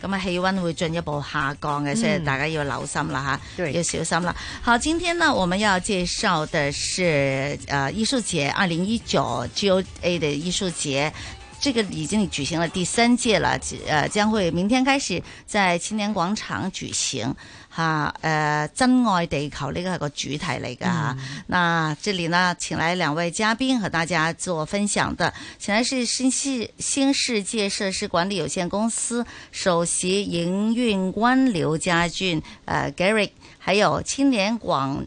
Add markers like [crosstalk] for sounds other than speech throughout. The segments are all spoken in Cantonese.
咁啊，氣溫會進一步下降嘅，所以大家要留心啦吓，要小心啦。好，今天呢，我們要介紹的是誒藝術節二零一九 GOA 的藝術節，這個已經舉行了第三屆啦，誒、呃、將會明天開始在青年廣場舉行。啊，誒、呃，真愛地球呢，這個係個主題嚟噶，吓、嗯，嗱，這裏呢，請來兩位嘉賓和大家做分享的，請嚟是新世新世界設施管理有限公司首席營運官劉家駿，誒、呃、Gary，還有青年廣。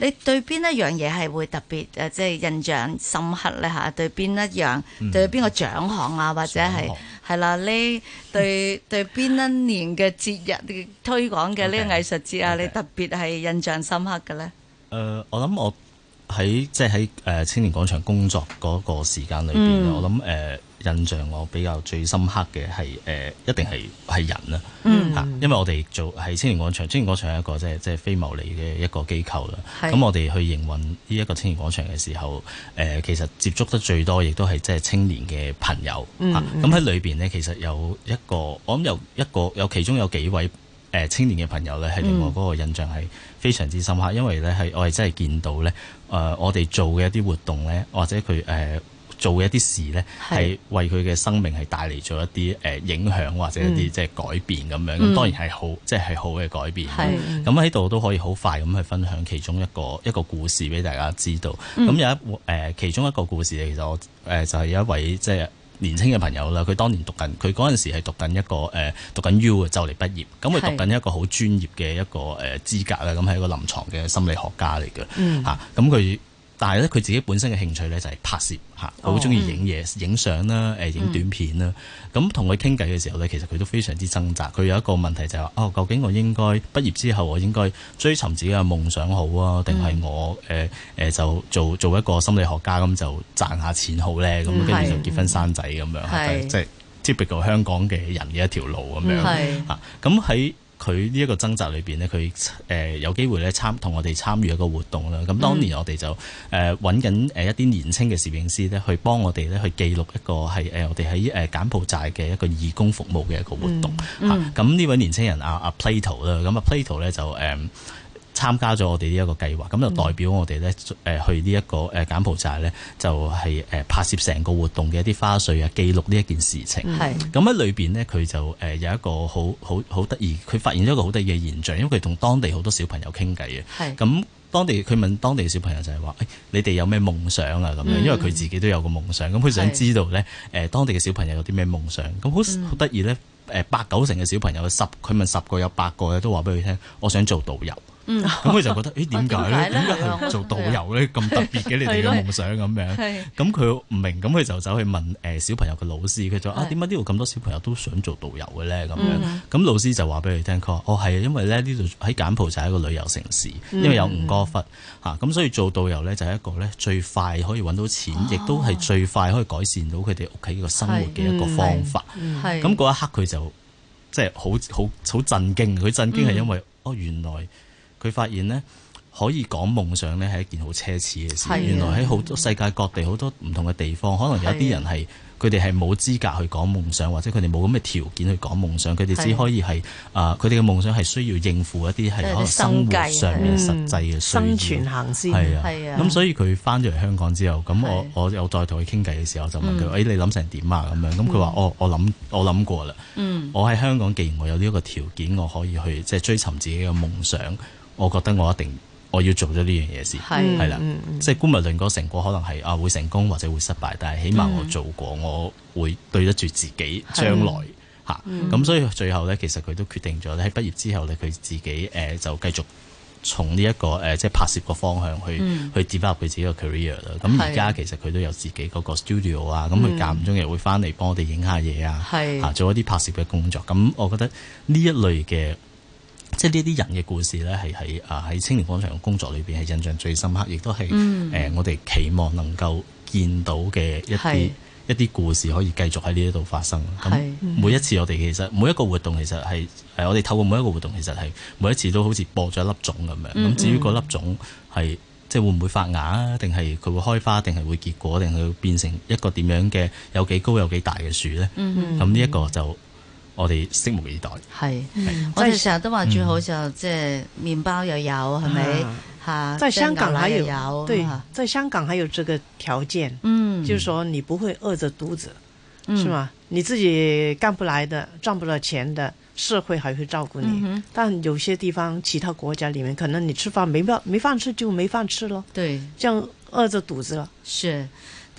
你對邊一樣嘢係會特別誒，即係印象深刻咧嚇？對邊一樣？嗯、對邊個獎項啊，或者係係啦？你學對對邊一年嘅節日 [laughs] 推廣嘅呢個藝術節啊，okay, okay. 你特別係印象深刻嘅咧？誒、呃，我諗我喺即係喺誒青年廣場工作嗰個時間裏邊，嗯、我諗誒。呃印象我比較最深刻嘅係誒，一定係係人啦、啊、嚇，mm hmm. 因為我哋做喺青年廣場，青年廣場係一個即係即係非牟利嘅一個機構啦。咁是我哋去營運呢一個青年廣場嘅時候，誒、呃、其實接觸得最多，亦都係即係青年嘅朋友，咁喺裏邊呢，其實有一個，我諗有一個，有其中有幾位誒、呃、青年嘅朋友咧，係令我嗰個印象係非常之深刻，因為咧係我係真係見到咧，誒、呃、我哋做嘅一啲活動咧，或者佢誒。呃呃做一啲事咧，係為佢嘅生命係帶嚟咗一啲誒影響或者一啲即係改變咁樣，當然係好即係、嗯、好嘅改變。咁喺度都可以好快咁去分享其中一個一個故事俾大家知道。咁有一誒、呃、其中一個故事，其實我誒、呃、就係、是、有一位即係、呃就是就是、年輕嘅朋友啦。佢當年讀緊，佢嗰陣時係讀緊一個誒、呃、讀緊 U 嘅就嚟畢業，咁佢讀緊一個好專業嘅一個誒資格啦，咁係是、嗯、一個臨床嘅心理學家嚟嘅嚇。咁、啊、佢。但係咧，佢自己本身嘅興趣咧就係拍攝嚇，好中意影嘢、影相啦，誒影短片啦。咁同佢傾偈嘅時候咧，其實佢都非常之掙扎。佢有一個問題就係話：哦，究竟我應該畢業之後，我應該追尋自己嘅夢想好啊，定係我誒誒就做做一個心理學家咁就賺下錢好咧？咁跟住就結婚生仔咁樣，即係 typical 香港嘅人嘅一條路咁樣嚇。咁喺佢呢一個掙扎裏邊呢，佢誒、呃、有機會咧參同我哋參與一個活動啦。咁當年我哋就誒揾緊誒一啲年青嘅攝影師咧，去幫我哋咧去記錄一個係誒、呃、我哋喺誒柬埔寨嘅一個義工服務嘅一個活動嚇。咁呢、嗯嗯啊、位年輕人啊啊 Plato 啦、啊，咁啊 Plato 咧就誒。嗯參加咗我哋呢一個計劃，咁就代表我哋咧，誒去呢一個誒柬埔寨咧，就係誒拍攝成個活動嘅一啲花絮啊，記錄呢一件事情。咁喺裏邊呢，佢就誒有一個好好好得意，佢發現咗一個好得意嘅現象，因為佢同當地好多小朋友傾偈啊。咁是當地佢問當地嘅小朋友就係話、哎，你哋有咩夢想啊？咁樣，因為佢自己都有個夢想，咁佢想知道咧，誒當地嘅小朋友有啲咩夢想？咁好得意咧，誒八、呃、九成嘅小朋友十佢問十個有八個嘅都話俾佢聽，我想做導遊。咁佢 [music] 就覺得，誒點解咧？點解係做導遊咧，咁 [laughs] 對特別嘅？你哋嘅夢想咁樣？咁佢唔明，咁佢就走去問誒小朋友嘅老師，佢就對啊，點解呢度咁多小朋友都想做導遊嘅咧？咁樣、嗯，咁老師就話俾佢聽哦係啊，因為咧呢度喺柬埔寨係一個旅遊城市，因為有吳哥窟嚇，咁、嗯啊、所以做導遊咧就係一個咧最快可以揾到錢，亦都係最快可以改善到佢哋屋企個生活嘅一個方法。咁嗰、嗯嗯、一刻佢就即係好好好震驚，佢震驚係因為哦原來。原來佢發現呢，可以講夢想呢係一件好奢侈嘅事。啊、原來喺好多世界各地好多唔同嘅地方，可能有啲人係佢哋係冇資格去講夢想，或者佢哋冇咁嘅條件去講夢想。佢哋只可以係啊，佢哋嘅夢想係需要應付一啲係可能生活上面實際嘅需要、啊嗯，生存行先係啊。咁、啊啊、所以佢翻咗嚟香港之後，咁我、啊、我又再同佢傾偈嘅時候，就問佢：誒你諗成點啊？咁、哎、樣咁佢話：哦、嗯，我諗我諗過啦。我喺、嗯、香港，既然我有呢一個條件，我可以去即係、就是、追尋自己嘅夢想。我覺得我一定我要做咗呢樣嘢先，係啦，即係姑勿論個成果可能係啊會成功或者會失敗，但係起碼我做過，我會對得住自己將來嚇。咁、sì, 所以最後咧，其實佢都決定咗喺畢業之後咧，佢自己誒就繼續從呢一個誒即係拍攝個方向去去跌入佢自己個 career 啦。咁而家其實佢都有自己嗰個 studio 啊、嗯，咁佢間唔中又會翻嚟幫我哋影下嘢啊，嚇是做一啲拍攝嘅工作。咁我覺得呢一類嘅。即係呢啲人嘅故事咧，係喺啊喺青年廣場嘅工作裏邊係印象最深刻，亦都係誒我哋期望能夠見到嘅一啲是一啲故事，可以繼續喺呢一度發生。咁是每一次我哋其實每一個活動其實係係我哋透過每一個活動其實係每一次都好似播咗一粒種咁樣。咁、嗯、至於嗰粒種係即係會唔會發芽啊？定係佢會開花？定係會結果？定係會變成一個點樣嘅有幾高有幾大嘅樹咧？咁呢一個就。我哋拭目以待。係，我哋成日都話最好就即係麵包又有係咪？嚇，在香港還有，對，在香港還有這個條件。嗯，就是說你不會餓著肚子，是嘛？你自己幹不來的，賺不到錢的，社會還會照顧你。但有些地方，其他國家裡面，可能你吃飯沒飯，沒飯吃就沒飯吃咯。對，這樣餓著肚子了。是。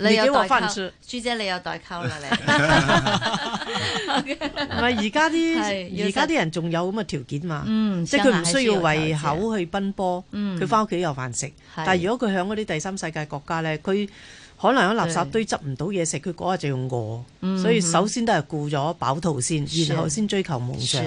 你自己話出，朱姐你有代溝啦你。唔係而家啲而家啲人仲有咁嘅條件嘛？即係佢唔需要為口去奔波，佢翻屋企有飯食。但係如果佢喺嗰啲第三世界國家咧，佢可能喺垃圾堆執唔到嘢食，佢嗰日就要餓。所以首先都係顧咗飽肚先，然後先追求夢想。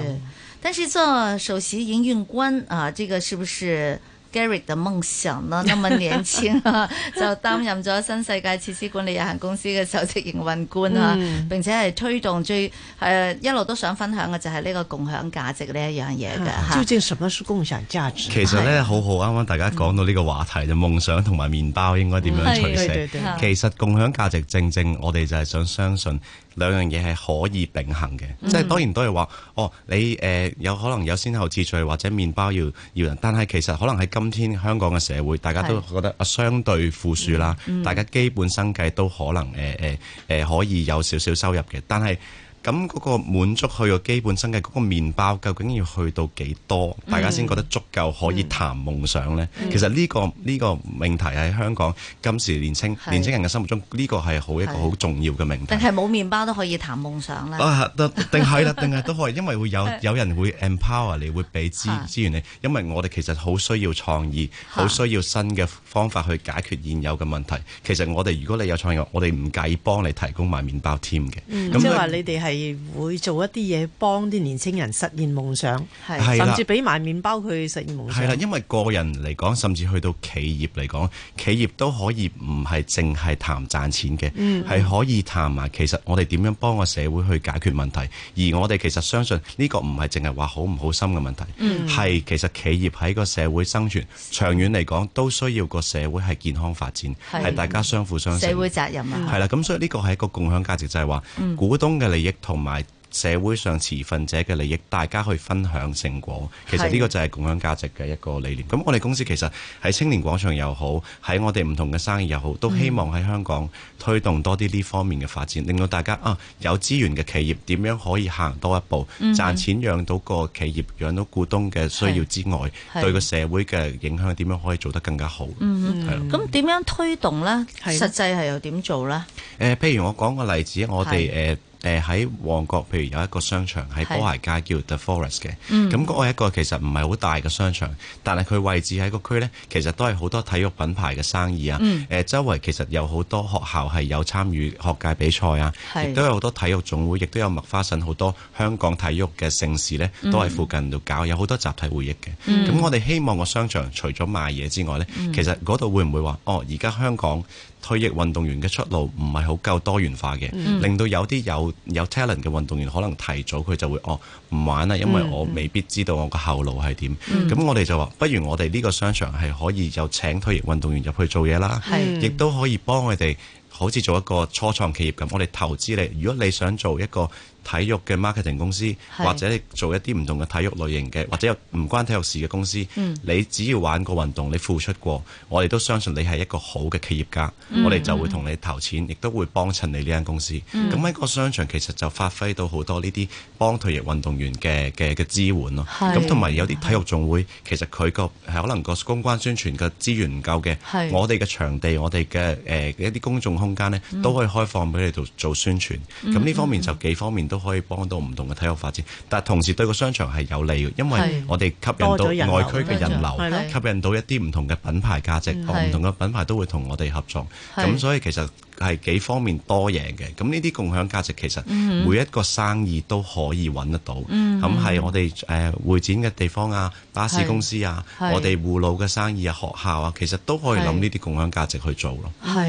但是做首席營運官啊，這個是不是？Gary 嘅夢想啦，咁啊年輕就擔任咗新世界設施管理有限公司嘅首席營運官啊，嗯、並且係推動最誒、啊、一路都想分享嘅就係呢個共享價值呢一樣嘢嘅嚇。究竟、嗯嗯、什麼是共享價值？其實呢，好好，啱啱大家講到呢個話題就、嗯、夢想同埋麵包應該點樣取捨？其實共享價值正正，正，正我哋就係想相信。兩樣嘢係可以並行嘅，即係當然都係話，哦，你誒有、呃、可能有先後秩序或者麵包要要人，但係其實可能喺今天香港嘅社會，大家都覺得相對富庶啦，是大家基本生計都可能誒誒誒可以有少少收入嘅，但係，咁嗰個滿足佢個基本生計嗰個麵包，究竟要去到幾多，大家先覺得足夠可以談夢想咧？其實呢個呢個命題喺香港今時年青年青人嘅心目中，呢個係好一個好重要嘅命題，定係冇麵包都可以談夢想咧？定係啦，定係都可以，因為會有有人會 empower 你，會俾資資源你。因為我哋其實好需要創意，好需要新嘅方法去解決現有嘅問題，其實我哋如果你有創意，我哋唔介意幫你提供埋麵包添嘅。即係話你哋係。係會做一啲嘢，幫啲年青人實現夢想，的甚至俾埋麵包佢實現夢想。係啦，因為個人嚟講，甚至去到企業嚟講，企業都可以唔係淨係談賺錢嘅，係、嗯、可以談埋其實我哋點樣幫個社會去解決問題。嗯、而我哋其實相信呢個唔係淨係話好唔好心嘅問題，係、嗯、其實企業喺個社會生存長遠嚟講，都需要個社會係健康發展，係、嗯、大家相輔相成。社會責任啊，係啦，咁所以呢個係一個共享價值，就係、是、話股東嘅利益，同埋社會上持份者嘅利益，大家去分享成果。其實呢個就係共享價值嘅一個理念。咁我哋公司其實喺青年廣場又好，喺我哋唔同嘅生意又好，都希望喺香港推動多啲呢方面嘅發展，令到大家啊有資源嘅企業點樣可以行多一步，賺錢養到個企業、養到股東嘅需要之外，對個社會嘅影響點樣可以做得更加好。係。咁點樣推動呢？實際係又點做呢？譬如我講個例子，我哋誒。誒喺、呃、旺角，譬如有一個商場喺波鞋街是叫 The Forest 嘅，咁嗰、嗯、個係一個其實唔係好大嘅商場，但係佢位置喺個區呢，其實都係好多體育品牌嘅生意啊。誒、嗯呃、周圍其實有好多學校係有參與學界比賽啊，亦是都有好多體育總會，亦都有麥花臣好多香港體育嘅盛事呢，都喺附近度搞，嗯、有好多集體會議嘅。咁、嗯、我哋希望個商場除咗賣嘢之外呢，其實嗰度會唔會話哦？而家香港退役運動員嘅出路唔係好夠多元化嘅，嗯、令到有啲有有 talent 嘅運動員可能提早佢就會哦唔玩啦，因為我未必知道我個後路係點，咁、嗯、我哋就話不如我哋呢個商場係可以有請退役運動員入去做嘢啦，嗯、亦都可以幫我哋好似做一個初創企業咁。我哋投資你，如果你想做一個體育嘅 marketing 公司，或者你做一啲唔同嘅體育類型嘅，或者有唔關體育事嘅公司，嗯、你只要玩過運動，你付出過，我哋都相信你係一個好嘅企業家，嗯、我哋就會同你投錢，亦都會幫襯你呢間公司。咁喺、嗯、個商場其實就發揮到好多呢啲幫退役運動員嘅嘅嘅支援咯。咁同埋有啲體育總會，其實佢個可能個公關宣傳嘅資源唔夠嘅，是我哋嘅場地，我哋嘅誒一啲公眾空間呢，都可以開放俾你做做宣傳。咁呢、嗯、方面就幾方面。都可以幫到唔同嘅體育發展，但係同時對個商場係有利嘅，因為我哋吸引到外區嘅人，人流，吸引到一啲唔同嘅品牌價值，唔同嘅品牌都會同我哋合作，咁是所以其實係幾方面多贏嘅。咁呢啲共享價值其實每一個生意都可以揾得到，咁係、嗯、哼我哋誒會展嘅地方啊，巴士公司啊，我哋護老嘅生意啊，學校啊，其實都可以諗呢啲共享價值去做咯。係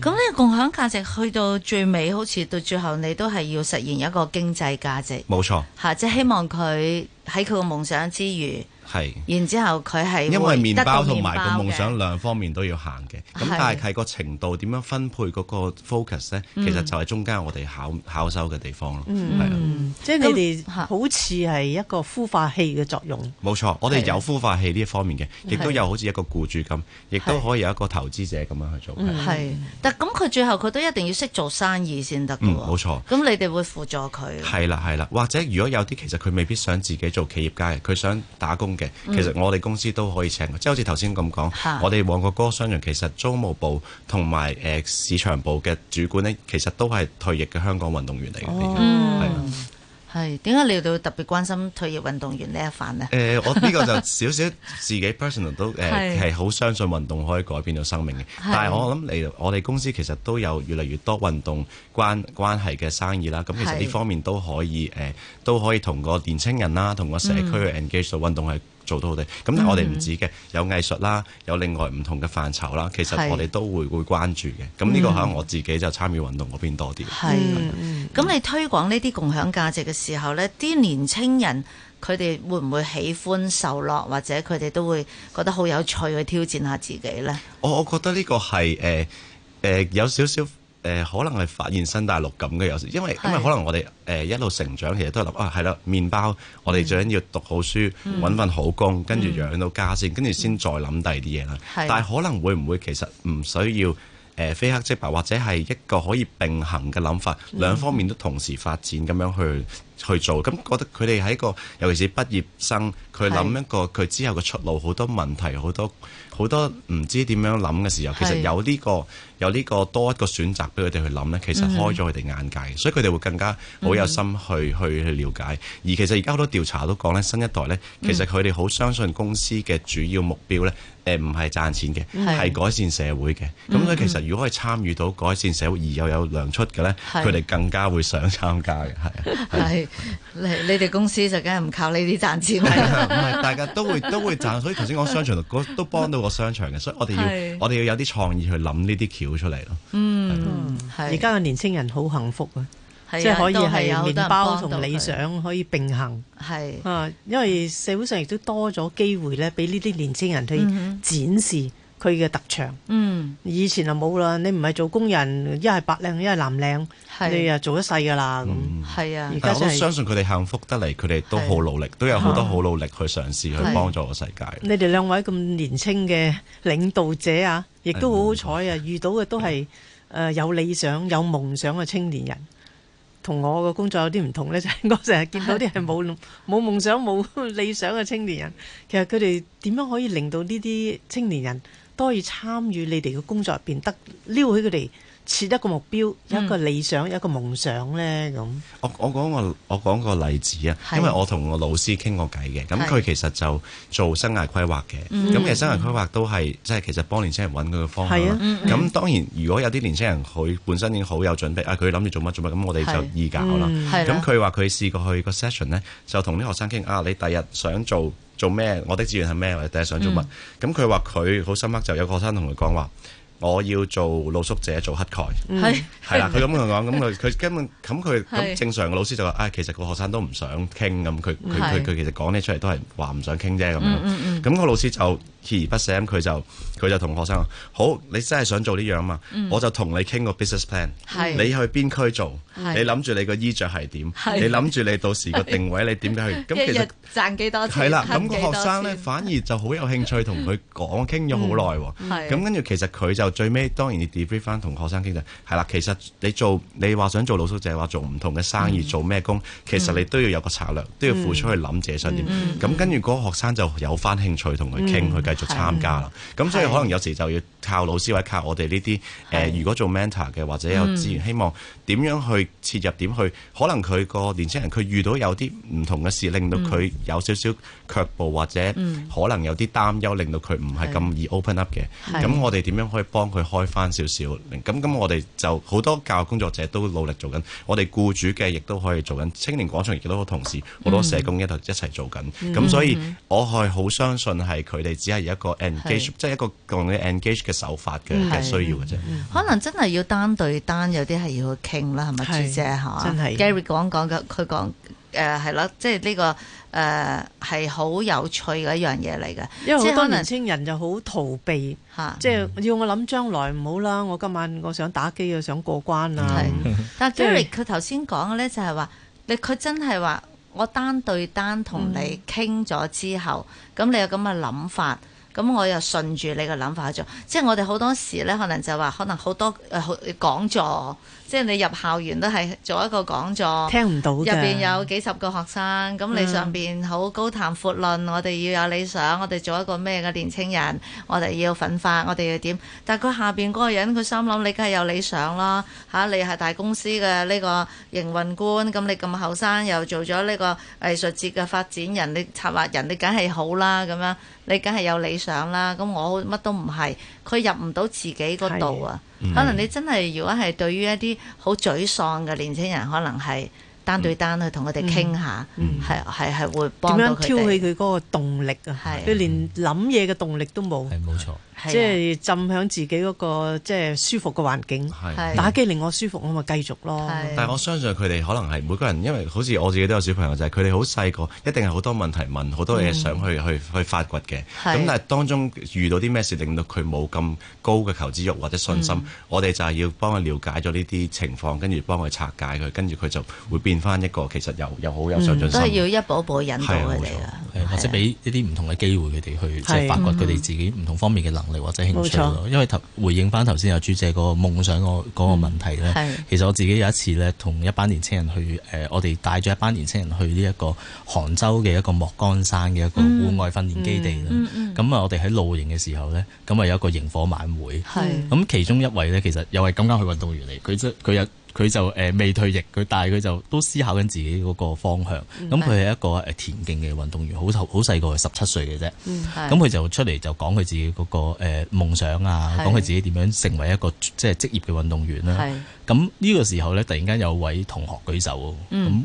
咁，呢個共享價值去到最尾，好似到最後，最後你都係要實現一個。個經濟價值冇錯吓，即係希望佢喺佢嘅夢想之餘。係，然之後佢係因為麪包同埋個夢想兩方面都要行嘅，咁但係喺個程度點樣分配嗰個 focus 呢？其實就係中間我哋考考修嘅地方咯。嗯，即係你哋好似係一個孵化器嘅作用。冇錯，我哋有孵化器呢一方面嘅，亦都有好似一個僱主咁，亦都可以有一個投資者咁樣去做。係，但咁佢最後佢都一定要識做生意先得。嗯，冇錯。咁你哋會輔助佢。係啦係啦，或者如果有啲其實佢未必想自己做企業家嘅，佢想打工。嘅，其實我哋公司都可以請，即係好似頭先咁講，我哋旺角哥商場其實租務部同埋誒市場部嘅主管呢，其實都係退役嘅香港運動員嚟嘅，係啊，係，點解你會特別關心退役運動員呢一範呢？誒，我呢個就少少自己 personal 都誒係好相信運動可以改變到生命嘅，但係我諗你我哋公司其實都有越嚟越多運動關關係嘅生意啦，咁其實呢方面都可以誒都可以同個年輕人啦，同個社區去 engage 做運動係。做到好哋，咁、嗯、但係我哋唔止嘅，有藝術啦，有另外唔同嘅範疇啦，其實我哋都會是會關注嘅。咁呢個可能我自己就參與運動嗰邊多啲。係，咁你推廣呢啲共享價值嘅時候，呢啲年青人佢哋會唔會喜歡受落，或者佢哋都會覺得好有趣去挑戰下自己呢？我我覺得呢個係誒誒有少少。誒、呃、可能係發現新大陸咁嘅嘢，因為是因為可能我哋誒、呃、一路成長其實都係諗啊係啦，麪包我哋最緊要讀好書，揾、嗯、份好工，跟住養到家先，跟住先再諗第二啲嘢啦。嗯、但係可能會唔會其實唔需要誒非、呃、黑即白，或者係一個可以並行嘅諗法，兩、嗯、方面都同時發展咁樣去去做，咁覺得佢哋喺個尤其是畢業生，佢諗一個佢之後嘅出路好多問題，好多好多唔知點樣諗嘅時候，是其實有呢、呢個有呢個多一個選擇俾佢哋去諗呢，其實開咗佢哋眼界，嗯、所以佢哋會更加好有心去去、嗯、去了解。而其實而家好多調查都講呢新一代呢，其實佢哋好相信公司嘅主要目標呢，誒唔係賺錢嘅，係、嗯、改善社會嘅。咁、嗯、所以其實如果可以參與到改善社會而又有糧出嘅呢，佢哋、嗯、更加會想參加嘅，係啊。是你你哋公司就梗係唔靠呢啲賺錢，唔係 [laughs] 大家都會都會賺，所以頭先講商場都幫到個商場嘅，所以我哋要是我哋要有啲創意去諗呢啲橋出嚟咯。嗯，而家嘅年青人好幸福啊，的即係可以係麵包同理想可以並行，係因為社會上亦都多咗機會咧，俾呢啲年青人去展示。嗯佢嘅特長，嗯，以前啊冇啦。你唔係做工人，一係白領，一係藍領，你又做一世噶啦咁，係啊。但係我都相信佢哋幸福得嚟，佢哋都好努力，都有好多好努力去嘗試去幫助個世界。你哋兩位咁年輕嘅領導者啊，亦都好好彩啊！遇到嘅都係誒有理想、有夢想嘅青年人，同我嘅工作有啲唔同咧。就係我成日見到啲係冇冇夢想、冇理想嘅青年人，其實佢哋點樣可以令到呢啲青年人？多以參與你哋嘅工作入邊，得撩起佢哋設一個目標、一個理想、嗯、一個夢想咧咁。我我講個我講個例子啊，因為我同個老師傾過偈嘅，咁佢其實就做生涯規劃嘅。咁、啊、其實生涯規劃都係即係其實幫年輕人揾佢嘅方向咁、啊、當然如果有啲年輕人佢本身已經好有準備啊，佢諗住做乜做乜，咁我哋就易搞啦。咁佢話佢試過去個 session 咧，就同啲學生傾啊，你第日想做？做咩？我的志願係咩？或者想做乜？咁佢話佢好深刻，就有個學生同佢講話。我要做露宿者，做乞丐，係啦。佢咁樣講，咁佢佢根本咁佢咁正常嘅老師就話，啊，其實個學生都唔想傾咁。佢佢佢佢其實講呢出嚟都係話唔想傾啫咁樣。咁個老師就鍥而不捨咁，佢就佢就同學生話，好，你真係想做呢樣嘛？我就同你傾個 business plan。係，你去邊區做？你諗住你個衣著係點？你諗住你到時個定位你點解去？咁其實賺幾多？係啦，咁個學生咧反而就好有興趣同佢講，傾咗好耐喎。咁跟住其實佢就。最尾當然你 deliver 翻同學生傾偈，係啦。其實你做你話想做老細就話做唔同嘅生意，嗯、做咩工，其實你都要有個策略，都要付出去諗自己想點。咁、嗯嗯嗯、跟住個學生就有翻興趣同佢傾，佢、嗯、繼續參加啦。咁、嗯、所以可能有時就要。靠老師或者靠我哋呢啲誒，如果做 mentor 嘅或者有資源，希望點樣去切入，點去可能佢個年輕人佢遇到有啲唔同嘅事，令到佢有少少卻步或者可能有啲擔憂令到佢唔係咁易 open up 嘅。咁我哋點樣可以幫佢開翻少少？咁咁我哋就好多教育工作者都努力做緊，我哋僱主嘅亦都可以做緊青年廣場亦都好多同事，好多社工一一齊做緊，咁、嗯、所以、嗯、我係好相信係佢哋只係一個 engage，即係、就是、一個同你 engage。手法嘅係需要嘅啫，嗯嗯、可能真係要單對單，有啲係要去傾啦，係咪，朱姐吓？真係，Gary 講講嘅，佢講誒係啦，即係呢個誒係好有趣嘅一樣嘢嚟嘅，因為好多年輕人就好逃避吓，即係、嗯、要我諗將來唔好啦，我今晚我想打機啊，想過關啊，但係 Gary 佢頭先講嘅咧就係話，你佢真係話我單對單同你傾咗之後，咁、嗯、你有咁嘅諗法。咁我又順住你個諗法去做，即係我哋好多時咧，可能就話可能好多誒、呃、講座，即係你入校園都係做一個講座，聽唔到嘅入邊有幾十個學生，咁你上邊好高談闊論，嗯、我哋要有理想，我哋做一個咩嘅年青人，我哋要奮發，我哋要點？但係佢下邊嗰個人，佢心諗你梗係有理想啦，嚇、啊、你係大公司嘅呢個營運官，咁你咁後生又做咗呢個藝術節嘅發展人、你策劃人，你梗係好啦，咁樣你梗係有理想。想啦，咁我乜都唔係，佢入唔到自己嗰度啊。嗯、可能你真係，如果係對於一啲好沮喪嘅年輕人，可能係單對單去同佢哋傾下，係係係會幫，點樣挑起佢嗰個動力啊？係，佢、嗯、連諗嘢嘅動力都冇。係冇錯。即係浸喺自己嗰個即係舒服嘅環境，打機令我舒服，我咪繼續咯。但係我相信佢哋可能係每個人，因為好似我自己都有小朋友就係佢哋好細個，一定係好多問題問，好多嘢想去去去發掘嘅。咁但係當中遇到啲咩事，令到佢冇咁高嘅求知欲或者信心，我哋就係要幫佢了解咗呢啲情況，跟住幫佢拆解佢，跟住佢就會變翻一個其實又又好有上進心。所以要一步一步引導佢哋或者俾一啲唔同嘅機會佢哋去即係發掘佢哋自己唔同方面嘅能。或者興趣咯，錯因為頭回應翻頭先有朱姐個夢想個嗰個問題咧，嗯、其實我自己有一次咧，同一班年青人去誒、呃，我哋帶咗一班年青人去呢一個杭州嘅一個莫干山嘅一個戶外訓練基地啦。咁啊、嗯，嗯嗯、我哋喺露營嘅時候咧，咁啊有一個營火晚會，咁的其中一位咧，其實又係剛啱去運動員嚟，佢即佢有。佢就誒未退役，佢但係佢就都思考緊自己嗰個方向。咁佢係一個誒田徑嘅運動員，好好細個，十七歲嘅啫。咁佢、嗯、就出嚟就講佢自己嗰個誒夢想啊，講佢是自己點樣成為一個即係職業嘅運動員啦。咁呢是個時候咧，突然間有位同學舉手，咁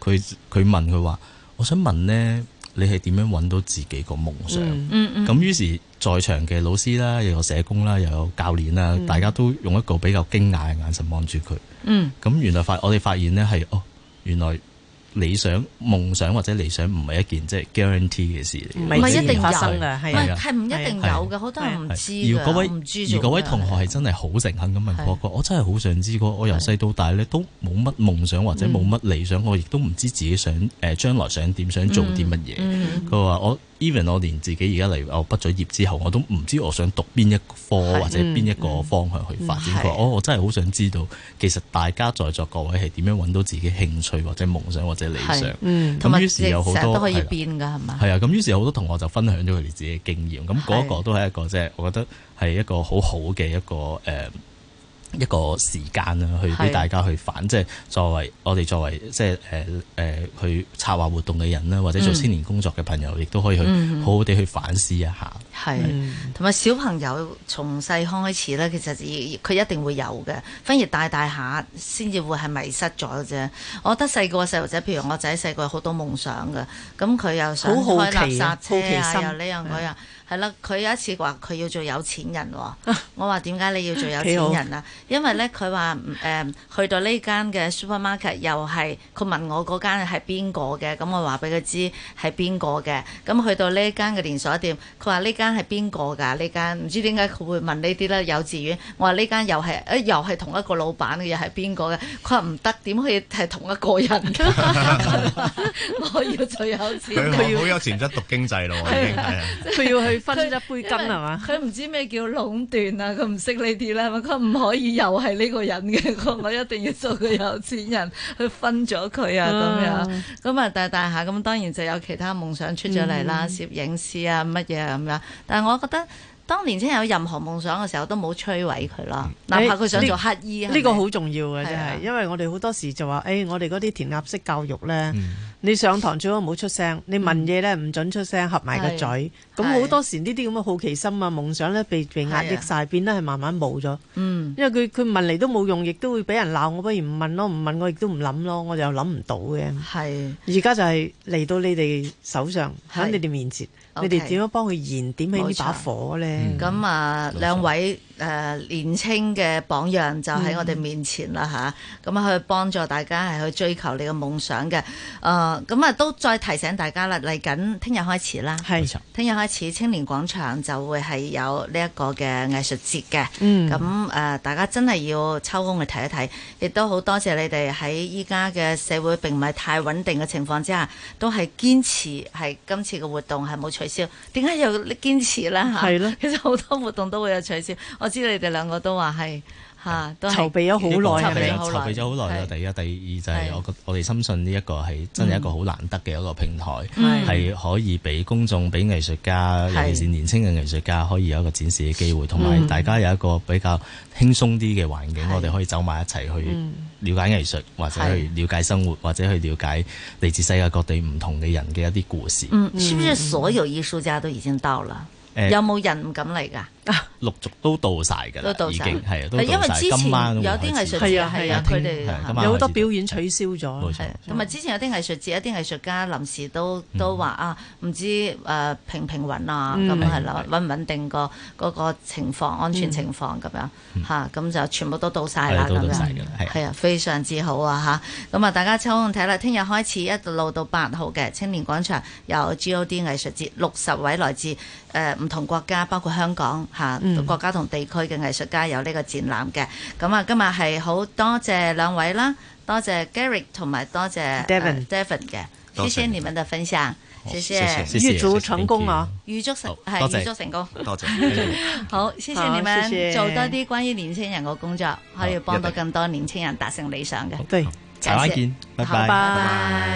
佢佢問佢話：我想問呢，你係點樣揾到自己個夢想？咁、嗯嗯嗯、於是。在場嘅老師啦，又有社工啦，又有教練啦，大家都用一個比較驚訝嘅眼神望住佢。嗯，咁原來發我哋發現呢係哦，原來理想、夢想或者理想唔係一件即係 guarantee 嘅事嚟，唔係一定發生嘅，係唔一定有嘅，好多人唔知。而嗰位同學係真係好誠懇咁問哥哥，我真係好想知個，我由細到大咧都冇乜夢想或者冇乜理想，我亦都唔知自己想誒將來想點、想做啲乜嘢。佢話我。Even 我連自己而家嚟我畢咗業之後，我都唔知我想讀邊一科或者邊一個方向去發展。我、嗯嗯、我真係好想知道，其實大家在座各位係點樣揾到自己興趣或者夢想或者理想？咁、嗯、於是有好多都可以變噶，係嘛的？係啊的，咁於是有好多同學就分享咗佢哋自己嘅經驗。咁、那、嗰、個、個都係一個即係，是我覺得係一個好好嘅一個誒。嗯一個時間啊，去俾大家去反，是即係作為我哋作為即係誒誒去策劃活動嘅人啦，或者做青年工作嘅朋友，亦都、嗯、可以去好好地去反思一下。係，同埋小朋友從細開始咧，其實佢一定會有嘅，反而大大下先至會係迷失咗嘅啫。我覺得細個細路仔，譬如我仔細個好多夢想嘅，咁佢又想開垃圾車呢、啊、樣嗰係啦，佢有、嗯、一次話佢要做有錢人喎，我話點解你要做有錢人啊？因為咧，佢話誒去到呢間嘅 supermarket 又係佢問我嗰間係邊個嘅，咁我話俾佢知係邊個嘅。咁去到呢間嘅連鎖店，佢話呢間係邊個㗎？呢間唔知點解佢會問呢啲咧？幼稚園，我話呢間又係誒又係同一個老闆嘅，又係邊個嘅？佢話唔得，點可以係同一個人？ [laughs] [laughs] 我要做有錢，佢好有潛質讀經濟咯，佢 [laughs] 要去。佢分咗一杯羹係嘛？佢唔知咩叫壟斷啊！佢唔識呢啲啦，佢唔可以又係呢個人嘅。我一定要做個有錢人去分咗佢啊！咁、啊、樣咁啊，大大下咁當然就有其他夢想出咗嚟啦，嗯、攝影師啊乜嘢咁樣。但係我覺得當年輕有任何夢想嘅時候，都冇摧毀佢咯。哪怕佢想做乞衣，呢、欸、個好重要嘅真係，是啊、因為我哋好多時就話，誒、欸，我哋嗰啲填鴨式教育咧。嗯你上堂最好唔好出聲，你問嘢咧，唔准出聲，嗯、合埋個嘴。咁好是多時呢啲咁嘅好奇心啊、夢想咧，被被壓抑晒、啊、變得係慢慢冇咗。嗯，因為佢佢問嚟都冇用，亦都會俾人鬧。我不如唔問咯，唔問我亦都唔諗咯，我是就諗唔到嘅。係。而家就係嚟到你哋手上，喺是你哋面前，okay, 你哋點樣幫佢燃點起呢把火咧？咁啊，兩位。誒年青嘅榜樣就喺我哋面前啦吓，咁、嗯、啊去幫助大家係去追求你嘅夢想嘅。誒咁啊，啊都再提醒大家啦，嚟緊聽日開始啦，係是，聽日開始青年廣場就會係有呢一個嘅藝術節嘅。嗯，咁誒、啊、大家真係要抽空去睇一睇，亦都好多謝你哋喺依家嘅社會並唔係太穩定嘅情況之下，都係堅持係今次嘅活動係冇取消。點解有堅持咧嚇？係、啊、咯，是的 其實好多活動都會有取消。我知道你哋兩個都話係吓，籌是備咗好耐係咪？籌備咗好耐咯，是第一、第二就係我我哋深信呢一個係真係一個好難得嘅一個平台，係是可以俾公眾、俾藝術家，是尤其是年輕嘅藝術家，可以有一個展示嘅機會，同埋大家有一個比較輕鬆啲嘅環境，是我哋可以走埋一齊去了解藝術，或者去了解生活，是或者去了解嚟自世界各地唔同嘅人嘅一啲故事。嗯，是不是所有藝術家都已經到了？是有冇人唔敢嚟噶？啊，陸續都到晒㗎啦，到晒，係啊，因為之前有啲係藝術節，係啊佢哋有好多表演取消咗，係。咁之前有啲藝術節，有啲藝術家臨時都都話啊，唔知誒平平穩啊，咁係啦，穩唔穩定個嗰個情況、安全情況咁樣嚇，咁就全部都到晒啦，咁樣係啊，非常之好啊嚇。咁啊，大家抽空睇啦，聽日開始一路到八號嘅青年廣場有 G O D 藝術節，六十位來自誒唔同國家，包括香港。嚇，嗯、國家同地區嘅藝術家有呢個展覽嘅。咁啊，今日係好多謝兩位啦，多謝 Garrick 同埋多謝 Devin 嘅。多謝，謝謝你們的分享，謝謝。預祝成功啊！預祝係預祝成功。多謝。好，謝謝你們做多啲關於年輕人嘅工作，可以幫到更多年輕人達成理想嘅。好，釋好，下次見，拜拜。Bye bye。